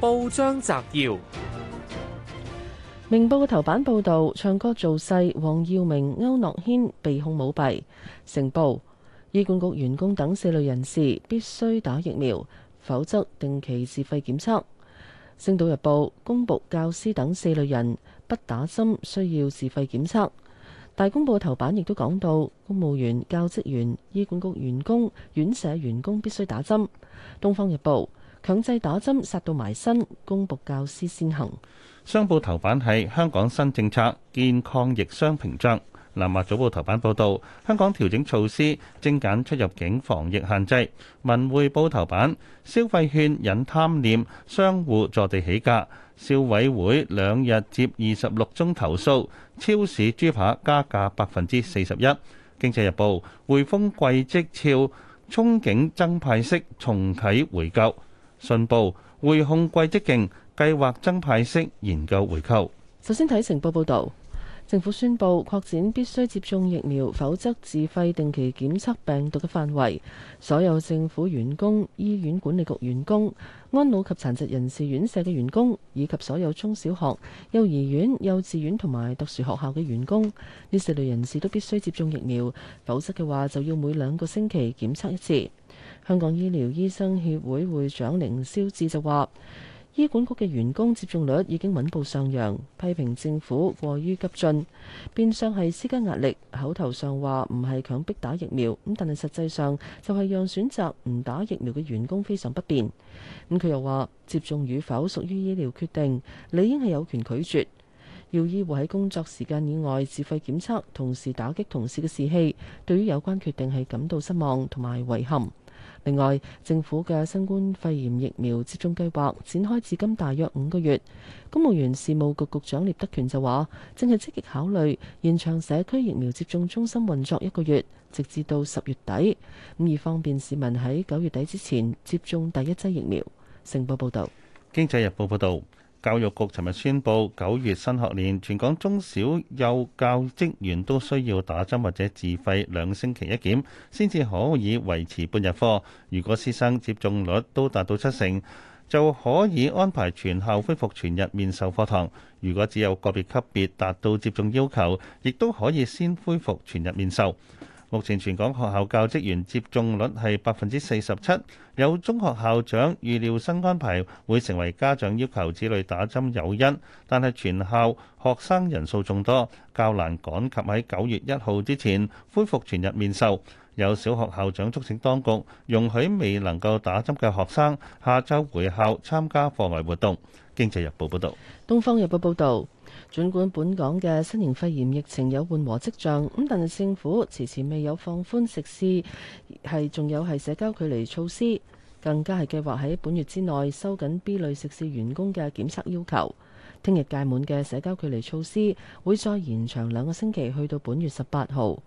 報章摘要：明報嘅頭版報道，唱歌造勢黃耀明、歐諾軒被控舞弊；成報、醫管局員工等四類人士必須打疫苗，否則定期自費檢測。星島日報公布，教師等四類人不打針需要自費檢測。大公報頭版亦都講到，公務員、教職員、醫管局員工、院舍員工必須打針。東方日報。強制打針殺到埋身，公僕教師先行。商報頭版係香港新政策建抗疫雙屏障。南華早報頭版報導，香港調整措施精簡出入境防疫限制。文匯報頭版消費券引貪念，商戶坐地起價。消委會兩日接二十六宗投訴，超市豬扒加價百分之四十一。經濟日報匯豐季績俏，憧憬增派息重啓回購。信報匯控季績勁，計劃增派息研究回購。首先睇成報報導。政府宣布擴展必須接種疫苗，否則自費定期檢測病毒嘅範圍。所有政府員工、醫院管理局員工、安老及殘疾人士院舍嘅員工，以及所有中小學、幼兒園、幼稚園同埋特殊學校嘅員工，呢四類人士都必須接種疫苗，否則嘅話就要每兩個星期檢測一次。香港醫療醫生協會會長凌霄智就話，醫管局嘅員工接種率已經穩步上揚，批評政府過於急進，變相係施加壓力。口頭上話唔係強迫打疫苗，咁但係實際上就係讓選擇唔打疫苗嘅員工非常不便。咁佢又話，接種與否屬於醫療決定，理應係有權拒絕。要醫護喺工作時間以外自費檢測，同時打擊同事嘅士氣，對於有關決定係感到失望同埋遺憾。另外，政府嘅新冠肺炎疫苗接種計劃展開至今大約五個月，公務員事務局局長聶德權就話，正係積極考慮延長社區疫苗接種中心運作一個月，直至到十月底，咁以方便市民喺九月底之前接種第一劑疫苗。成報報道，經濟日報報道。教育局尋日宣布，九月新學年全港中小幼教職員都需要打針或者自費兩星期一檢，先至可以維持半日課。如果師生接種率都達到七成，就可以安排全校恢復全日面授課堂。如果只有個別級別達到接種要求，亦都可以先恢復全日面授。目前全港學校教職員接種率係百分之四十七，有中學校長預料新安排會成為家長要求子女打針誘因，但係全校學生人數眾多，較難趕及喺九月一號之前恢復全日面授。有小學校長促請當局容許未能夠打針嘅學生下周回校參加課外活動。經濟日報報道，東方日報報道，盡管本港嘅新型肺炎疫情有緩和迹象，咁但係政府遲遲未有放寬食肆係，仲有係社交距離措施，更加係計劃喺本月之內收緊 B 類食肆員工嘅檢測要求。聽日屆滿嘅社交距離措施會再延長兩個星期，去到本月十八號。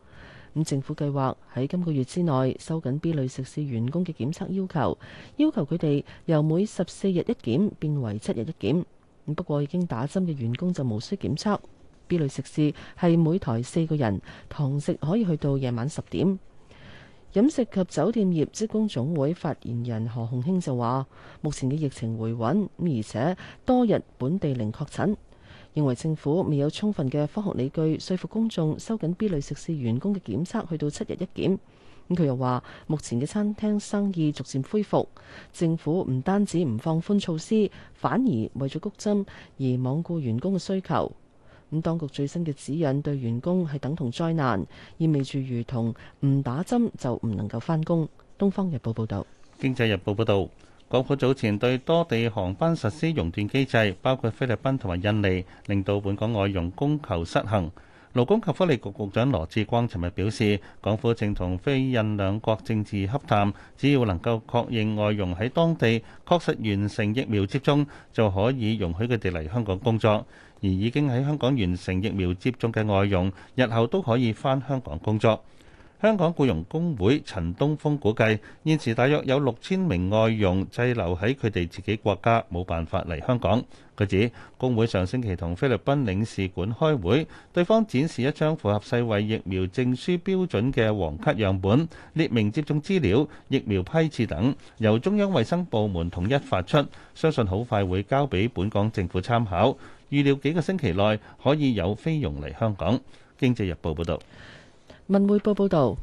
咁政府計劃喺今個月之內收緊 B 類食肆員工嘅檢測要求，要求佢哋由每十四日一檢變為七日一檢。不過已經打針嘅員工就無需檢測。B 類食肆係每台四個人，堂食可以去到夜晚十點。飲食及酒店業職工總會發言人何洪興就話：目前嘅疫情回穩，而且多日本地零確診。認為政府未有充分嘅科學理據説服公眾收緊 B 類食肆員工嘅檢測，去到七日一檢。咁佢又話，目前嘅餐廳生意逐漸恢復，政府唔單止唔放寬措施，反而為咗谷針而罔顧員工嘅需求。咁當局最新嘅指引對員工係等同災難，意味住如同唔打針就唔能夠翻工。《東方日報》報道。《經濟日報》報道。港府早前對多地航班實施熔斷機制，包括菲律賓同埋印尼，令到本港外傭供求失衡。勞工及福利局局長羅志光尋日表示，港府正同菲印兩國政治洽談，只要能夠確認外傭喺當地確實完成疫苗接種，就可以容許佢哋嚟香港工作。而已經喺香港完成疫苗接種嘅外傭，日後都可以翻香港工作。香港雇傭工會陳東峯估計現時大約有六千名外傭滯留喺佢哋自己國家，冇辦法嚟香港。佢指，工會上星期同菲律賓領事館開會，對方展示一張符合世衛疫苗證書標準嘅黃卡樣本，列明接種資料、疫苗批次等，由中央衛生部門統一發出，相信好快會交俾本港政府參考。預料幾個星期內可以有菲傭嚟香港。經濟日報報道。文匯報報道，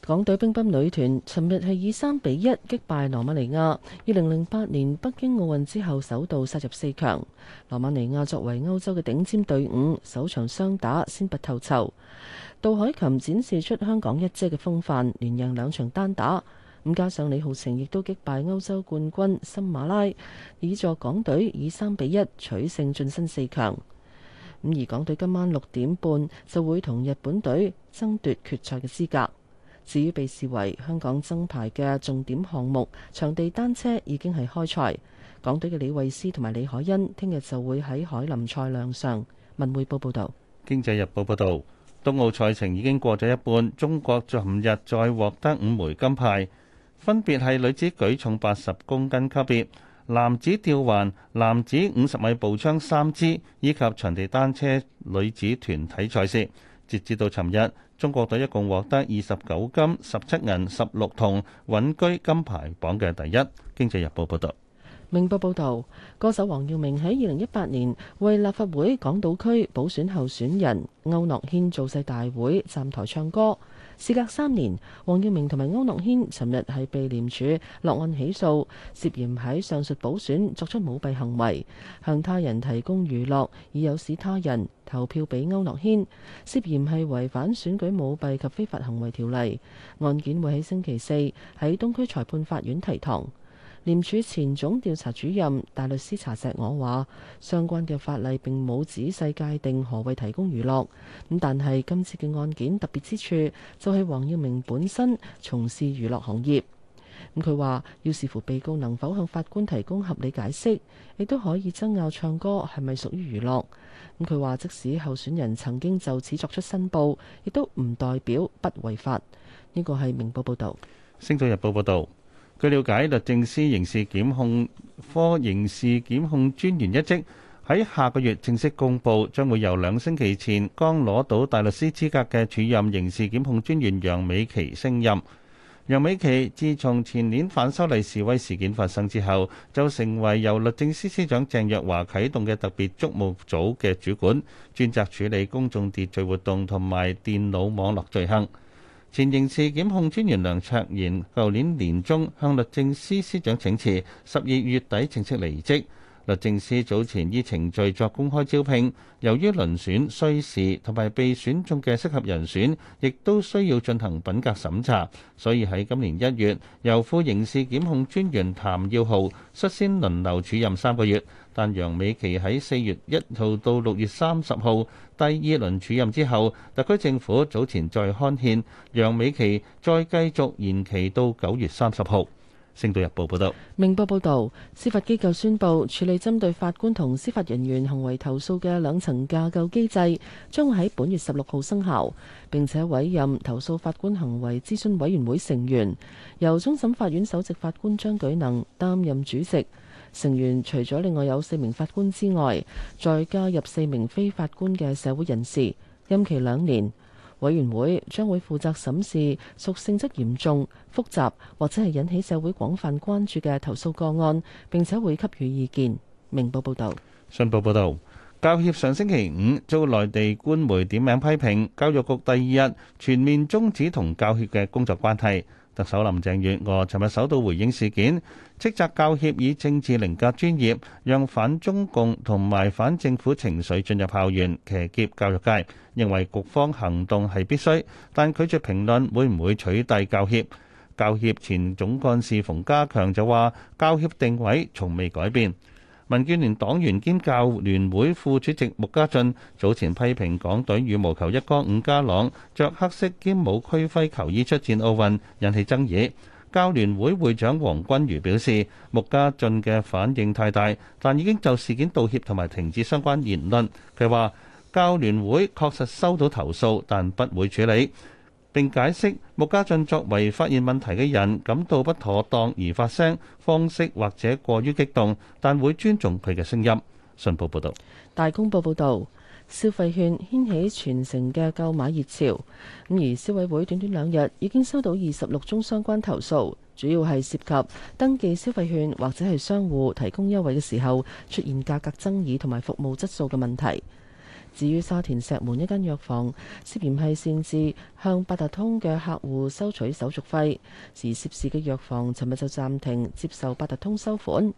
港隊乒乓女團尋日係以三比一擊敗羅馬尼亞，二零零八年北京奧運之後首度殺入四強。羅馬尼亞作為歐洲嘅頂尖隊伍，首場雙打先拔頭籌，杜海琴展示出香港一姐嘅風範，連贏兩場單打，咁加上李皓晴亦都擊敗歐洲冠軍森馬拉，以助港隊以三比一取勝，晉身四強。咁而港隊今晚六點半就會同日本隊爭奪決賽嘅資格。至於被視為香港爭牌嘅重點項目，場地單車已經係開賽，港隊嘅李慧詩同埋李海恩聽日就會喺凱林賽亮相。文匯報報道，經濟日報報道，冬奧賽程已經過咗一半，中國昨日再獲得五枚金牌，分別係女子舉重八十公斤級別。男子吊環、男子五十米步槍三姿，以及場地單車女子團體賽事，截至到尋日，中國隊一共獲得二十九金、十七銀、十六銅，穩居金牌榜嘅第一。經濟日報報道。明報報道，歌手黃耀明喺二零一八年為立法會港島區補選候選人區諾軒造勢大會站台唱歌。事隔三年，黃耀明同埋歐樂軒尋日係被廉署落案起訴，涉嫌喺上述補選作出舞弊行為，向他人提供娛樂，以誘使他人投票俾歐樂軒，涉嫌係違反選舉舞弊及非法行為條例。案件會喺星期四喺東區裁判法院提堂。廉署前總調查主任大律師查錫我話：相關嘅法例並冇仔細界定何謂提供娛樂。咁但係今次嘅案件特別之處就係黃耀明本身從事娛樂行業。咁佢話要視乎被告能否向法官提供合理解釋，亦都可以爭拗唱歌係咪屬於娛樂。咁佢話即使候選人曾經就此作出申報，亦都唔代表不違法。呢個係明報報導，《星島日報》報導。據瞭解，律政司刑事檢控科刑事檢控專員一職喺下個月正式公佈，將會由兩星期前剛攞到大律師資格嘅主任刑事檢控專員楊美琪升任。楊美琪自從前年反修例示威事件發生之後，就成為由律政司司長鄭若驊啟動嘅特別職務組嘅主管，專責處理公眾秩序活動同埋電腦網絡罪行。前刑事檢控專員梁卓然，舊年年中向律政司司長請辭，十二月底正式離職。律政司早前以程序作公開招聘，由於遴選需時，同埋被選中嘅適合人選，亦都需要進行品格審查，所以喺今年一月，由副刑事檢控專員譚耀豪率先輪流署任三個月。但楊美琪喺四月一號到六月三十號第二輪署任之後，特區政府早前再刊憲，楊美琪再繼續延期到九月三十號。星島日報報道。明報報道，司法機構宣布處理針對法官同司法人員行為投訴嘅兩層架構機制將會喺本月十六號生效，並且委任投訴法官行為諮詢委員會成員，由終審法院首席法官張舉能擔任主席。成員除咗另外有四名法官之外，再加入四名非法官嘅社會人士，任期兩年。委員會將會負責審視屬性質嚴重、複雜或者係引起社會廣泛關注嘅投訴個案，並且會給予意見。明報報道。信報報導。教協上星期五遭內地官媒點名批評，教育局第二日全面終止同教協嘅工作關係。特首林鄭月娥尋日首度回應事件，斥責教協以政治凌駕專業，讓反中共同埋反政府情緒進入校園，騎劫教育界，認為局方行動係必須，但拒絕評論會唔會取締教協。教協前總幹事馮家強就話：教協定位從未改變。民建聯黨員兼教聯會副主席穆家俊，早前批評港隊羽毛球一哥伍家朗，着黑色兼冇區徽球衣出戰奧運，引起爭議。教聯會會長黃君如表示，穆家俊嘅反應太大，但已經就事件道歉同埋停止相關言論，佢話，教聯會確實收到投訴，但不會處理。並解釋穆家俊作為發現問題嘅人，感到不妥當而發聲，方式或者過於激動，但會尊重佢嘅聲音。信報報道。大公報報道，消費券掀起全城嘅購買熱潮。咁而消委會短短兩日已經收到二十六宗相關投訴，主要係涉及登記消費券或者係商戶提供優惠嘅時候出現價格爭議同埋服務質素嘅問題。至於沙田石門一間藥房涉嫌係擅自向八達通嘅客戶收取手續費，而涉事嘅藥房尋日就暫停接受八達通收款。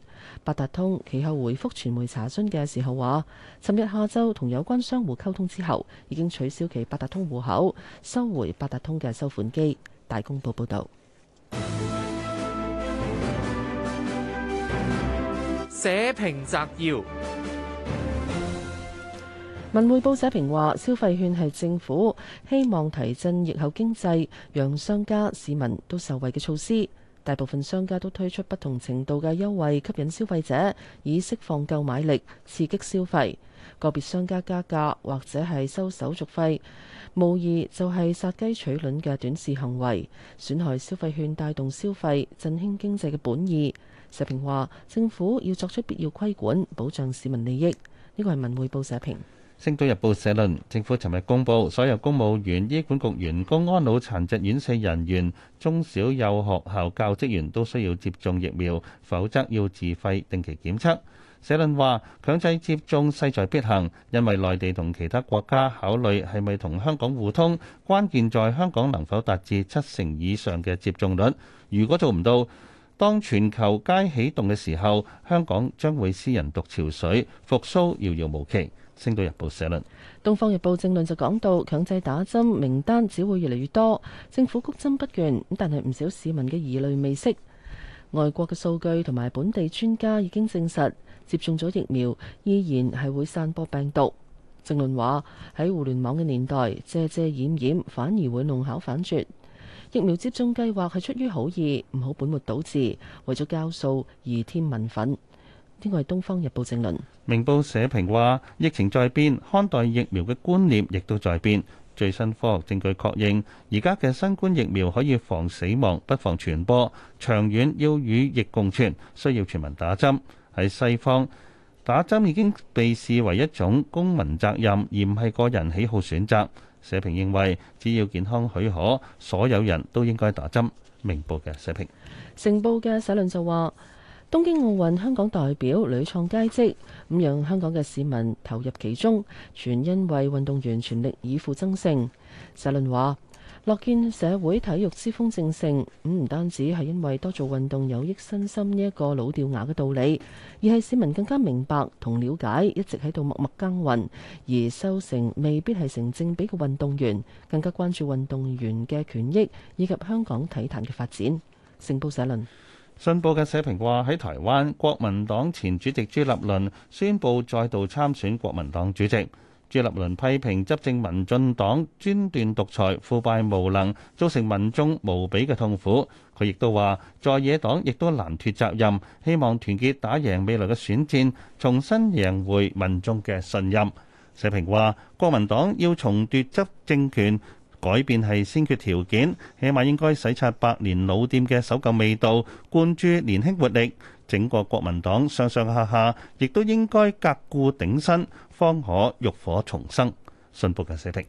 八達通其後回覆傳媒查詢嘅時候話，尋日下晝同有關商戶溝通之後，已經取消其八達通戶口，收回八達通嘅收款機。大公報報導。社評摘要。文匯報社評話，消費券係政府希望提振疫後經濟，讓商家市民都受惠嘅措施。大部分商家都推出不同程度嘅優惠，吸引消費者以釋放購買力，刺激消費。個別商家加價或者係收手續費，無疑就係殺雞取卵嘅短視行為，損害消費券帶動消費、振興經濟嘅本意。社評話，政府要作出必要規管，保障市民利益。呢個係文匯報社評。《星島日報》社論：政府尋日公布，所有公務員、醫管局員工、安老殘疾院舍人員、中小幼學校教職員都需要接種疫苗，否則要自費定期檢測。社論話：強制接種勢在必行，因為內地同其他國家考慮係咪同香港互通，關鍵在香港能否達至七成以上嘅接種率。如果做唔到，當全球皆啟動嘅時候，香港將會斯人獨憔悴，復甦遙遙無期。星島日報社論：東方日報正論就講到強制打針名單只會越嚟越多，政府谷針不倦，但係唔少市民嘅疑慮未息。外國嘅數據同埋本地專家已經證實，接種咗疫苗依然係會散播病毒。正論話，喺互聯網嘅年代，遮遮掩掩反而會弄巧反拙。疫苗接種計劃係出於好意，唔好本末倒置，為咗交數而添民憤。呢個係《東方日報》正論，《明報》社評話：疫情在變，看待疫苗嘅觀念亦都在變。最新科學證據確認，而家嘅新冠疫苗可以防死亡，不防傳播。長遠要與疫共存，需要全民打針。喺西方，打針已經被視為一種公民責任，而唔係個人喜好選擇。社評認為，只要健康許可，所有人都應該打針。《明報》嘅社評，《成報》嘅社論就話。東京奧運香港代表屢創佳績，咁讓香港嘅市民投入其中，全因為運動員全力以赴爭勝。社論話：樂見社會體育之風正盛，咁、嗯、唔單止係因為多做運動有益身心呢一個老掉牙嘅道理，而係市民更加明白同了解一直喺度默默耕耘而收成未必係成正比嘅運動員，更加關注運動員嘅權益以及香港體壇嘅發展。成報社論。信報嘅社評話，喺台灣，國民黨前主席朱立倫宣布再度參選國民黨主席。朱立倫批評執政民進黨專斷獨裁、腐敗無能，造成民眾無比嘅痛苦。佢亦都話，在野黨亦都難脫責任，希望團結打贏未來嘅選戰，重新贏回民眾嘅信任。社評話，國民黨要重奪執政權。改變係先決條件，起碼應該洗刷百年老店嘅守舊味道，灌注年輕活力。整個國民黨上上下下亦都應該革故鼎新，方可浴火重生。信報嘅寫睇。